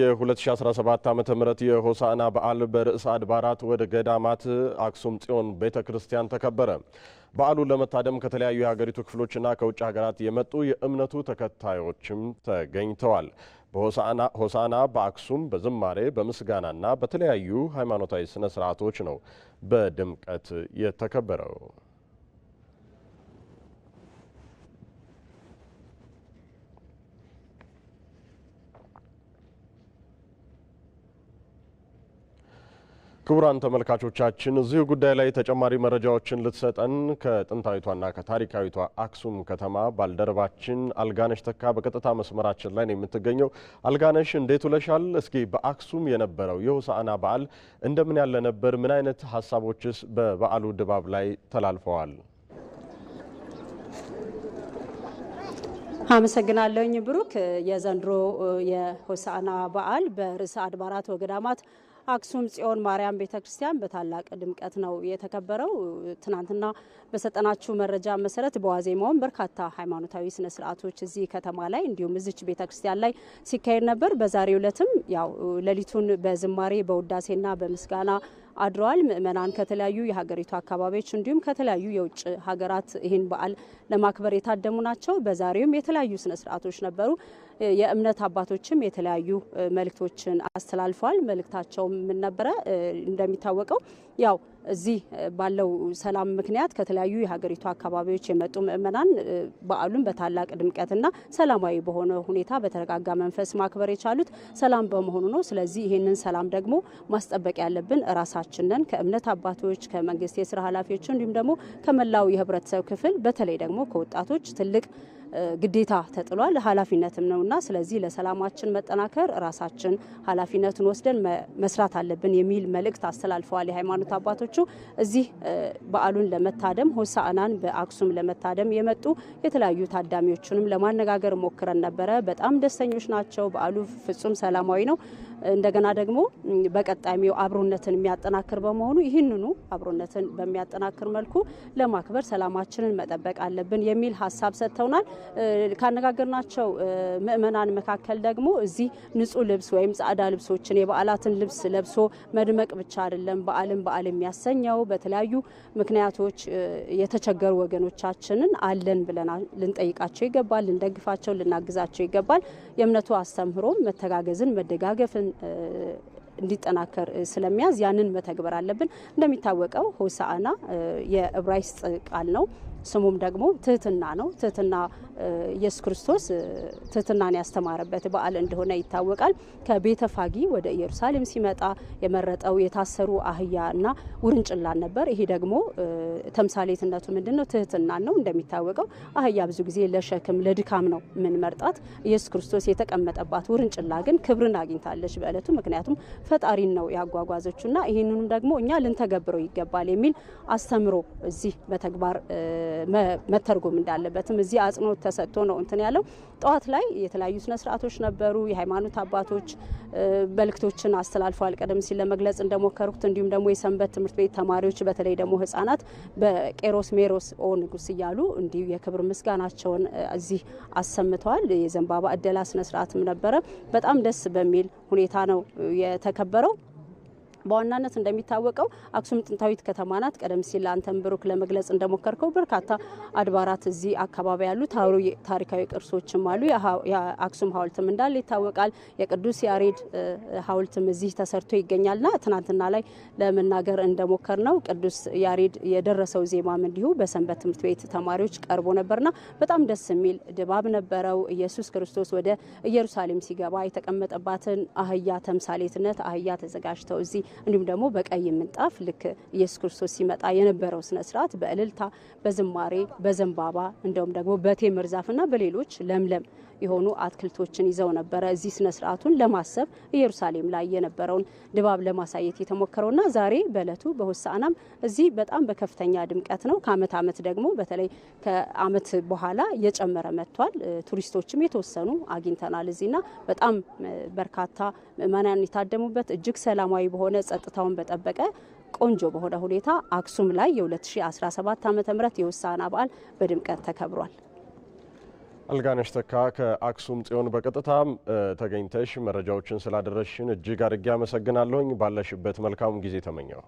የ2017 ዓ ም የሆሳዕና በዓል በርዕሰ አድባራት ወደ ገዳማት አክሱም ጽዮን ቤተ ክርስቲያን ተከበረ። በዓሉን ለመታደም ከተለያዩ የሀገሪቱ ክፍሎችና ከውጭ ሀገራት የመጡ የእምነቱ ተከታዮችም ተገኝተዋል። በሆሳዕና በአክሱም በዝማሬ በምስጋናና በተለያዩ ሃይማኖታዊ ስነ ስርዓቶች ነው በድምቀት የተከበረው። ክቡራን ተመልካቾቻችን እዚሁ ጉዳይ ላይ ተጨማሪ መረጃዎችን ልትሰጠን ከጥንታዊቷና ከታሪካዊቷ አክሱም ከተማ ባልደረባችን አልጋነሽ ተካ በቀጥታ መስመራችን ላይ ነው የምትገኘው። አልጋነሽ እንዴት ውለሻል? እስኪ በአክሱም የነበረው የሆሳዕና በዓል እንደምን ያለ ነበር? ምን አይነት ሀሳቦችስ በበዓሉ ድባብ ላይ ተላልፈዋል? አመሰግናለሁኝ ብሩክ። የዘንድሮ የሆሳዕና በዓል በርዕሰ አድባራት ወገዳማት አክሱም ጽዮን ማርያም ቤተ ክርስቲያን በታላቅ ድምቀት ነው የተከበረው። ትናንትና በሰጠናችሁ መረጃ መሰረት በዋዜማውም በርካታ ሃይማኖታዊ ስነ ስርዓቶች እዚህ ከተማ ላይ እንዲሁም እዚች ቤተ ክርስቲያን ላይ ሲካሄድ ነበር። በዛሬው ዕለትም ያው ሌሊቱን በዝማሬ በውዳሴና በምስጋና አድረዋል። ምእመናን ከተለያዩ የሀገሪቱ አካባቢዎች እንዲሁም ከተለያዩ የውጭ ሀገራት ይህን በዓል ለማክበር የታደሙ ናቸው። በዛሬውም የተለያዩ ስነ ስርዓቶች ነበሩ። የእምነት አባቶችም የተለያዩ መልእክቶችን አስተላልፈዋል። መልእክታቸው ምን ነበረ? እንደሚታወቀው ያው እዚህ ባለው ሰላም ምክንያት ከተለያዩ የሀገሪቱ አካባቢዎች የመጡ ምእመናን በዓሉን በታላቅ ድምቀትና ሰላማዊ በሆነ ሁኔታ በተረጋጋ መንፈስ ማክበር የቻሉት ሰላም በመሆኑ ነው። ስለዚህ ይህንን ሰላም ደግሞ ማስጠበቅ ያለብን ራሳችንን ከእምነት አባቶች፣ ከመንግስት የስራ ኃላፊዎች እንዲሁም ደግሞ ከመላው የህብረተሰብ ክፍል በተለይ ደግሞ ከወጣቶች ትልቅ ግዴታ ተጥሏል፣ ኃላፊነትም ነውና ስለዚህ ለሰላማችን መጠናከር ራሳችን ኃላፊነቱን ወስደን መስራት አለብን የሚል መልእክት አስተላልፈዋል የሃይማኖት አባቶቹ። እዚህ በዓሉን ለመታደም ሆሳዕናን በአክሱም ለመታደም የመጡ የተለያዩ ታዳሚዎችንም ለማነጋገር ሞክረን ነበረ። በጣም ደስተኞች ናቸው። በዓሉ ፍጹም ሰላማዊ ነው። እንደገና ደግሞ በቀጣሚው አብሮነትን የሚያጠናክር በመሆኑ ይህንኑ አብሮነትን በሚያጠናክር መልኩ ለማክበር ሰላማችንን መጠበቅ አለብን የሚል ሀሳብ ሰጥተውናል። ካነጋገርናቸው ምእመናን መካከል ደግሞ እዚህ ንጹህ ልብስ ወይም ጻዕዳ ልብሶችን የበዓላትን ልብስ ለብሶ መድመቅ ብቻ አይደለም በዓልን በዓል የሚያሰኘው በተለያዩ ምክንያቶች የተቸገሩ ወገኖቻችንን አለን ብለን ልንጠይቃቸው ይገባል፣ ልንደግፋቸው፣ ልናግዛቸው ይገባል። የእምነቱ አስተምህሮም መተጋገዝን፣ መደጋገፍን እንዲጠናከር ስለሚያዝ ያንን መተግበር አለብን። እንደሚታወቀው ሆሳአና የዕብራይስጥ ቃል ነው። ስሙም ደግሞ ትህትና ነው። ትህትና ኢየሱስ ክርስቶስ ትህትናን ያስተማረበት በዓል እንደሆነ ይታወቃል። ከቤተ ፋጊ ወደ ኢየሩሳሌም ሲመጣ የመረጠው የታሰሩ አህያ እና ውርንጭላን ነበር። ይሄ ደግሞ ተምሳሌትነቱ ምንድን ነው? ትህትናን ነው። እንደሚታወቀው አህያ ብዙ ጊዜ ለሸክም ለድካም ነው የምንመርጣት። ኢየሱስ ክርስቶስ የተቀመጠባት ውርንጭላ ግን ክብርን አግኝታለች በእለቱ ምክንያቱም ፈጣሪን ነው ያጓጓዘችውና ይህንንም ደግሞ እኛ ልንተገብረው ይገባል የሚል አስተምሮ እዚህ በተግባር መተርጎም እንዳለበትም እዚህ አጽንኦት ተሰጥቶ ነው እንትን ያለው። ጠዋት ላይ የተለያዩ ስነ ስርዓቶች ነበሩ። የሃይማኖት አባቶች መልእክቶችን አስተላልፈዋል። ቀደም ሲል ለመግለጽ እንደሞከርኩት እንዲሁም ደግሞ የሰንበት ትምህርት ቤት ተማሪዎች በተለይ ደግሞ ህጻናት በቄሮስ ሜሮስ ኦ ንጉስ እያሉ እንዲሁ የክብር ምስጋናቸውን እዚህ አሰምተዋል። የዘንባባ እደላ ስነስርዓትም ነበረ። በጣም ደስ በሚል ሁኔታ ነው የተከበረው። በዋናነት እንደሚታወቀው አክሱም ጥንታዊት ከተማ ናት። ቀደም ሲል አንተን ብሩክ ለመግለጽ እንደሞከርከው በርካታ አድባራት እዚህ አካባቢ ያሉ ታሪካዊ ቅርሶችም አሉ። የአክሱም ሐውልትም እንዳለ ይታወቃል። የቅዱስ ያሬድ ሐውልትም እዚህ ተሰርቶ ይገኛልና ትናንትና ላይ ለመናገር እንደሞከር ነው ቅዱስ ያሬድ የደረሰው ዜማም እንዲሁ በሰንበት ትምህርት ቤት ተማሪዎች ቀርቦ ነበርና በጣም ደስ የሚል ድባብ ነበረው። ኢየሱስ ክርስቶስ ወደ ኢየሩሳሌም ሲገባ የተቀመጠባትን አህያ ተምሳሌትነት አህያ ተዘጋጅተው እዚህ እንዲሁም ደግሞ በቀይ ምንጣፍ ልክ ኢየሱስ ክርስቶስ ሲመጣ የነበረው ስነ ስርዓት በእልልታ በዝማሬ በዘንባባ እንዲሁም ደግሞ በቴምር ዛፍና በሌሎች ለምለም የሆኑ አትክልቶችን ይዘው ነበረ። እዚህ ስነ ስርዓቱን ለማሰብ ኢየሩሳሌም ላይ የነበረውን ድባብ ለማሳየት የተሞከረውና ዛሬ በእለቱ በሆሳዕናም እዚህ በጣም በከፍተኛ ድምቀት ነው። ከአመት አመት ደግሞ በተለይ ከአመት በኋላ እየጨመረ መጥቷል። ቱሪስቶችም የተወሰኑ አግኝተናል እዚህና በጣም በርካታ ምእመናን የታደሙበት እጅግ ሰላማዊ በሆነ ጸጥታውን በጠበቀ ቆንጆ በሆነ ሁኔታ አክሱም ላይ የ2017 ዓ ም የሆሳዕና በዓል በድምቀት ተከብሯል። አልጋነሽ ተካ ከአክሱም ጽዮን በቀጥታ ተገኝተሽ መረጃዎችን ስላደረሽን እጅግ አድርጌ አመሰግናለሁኝ። ባለሽበት መልካሙን ጊዜ ተመኘው።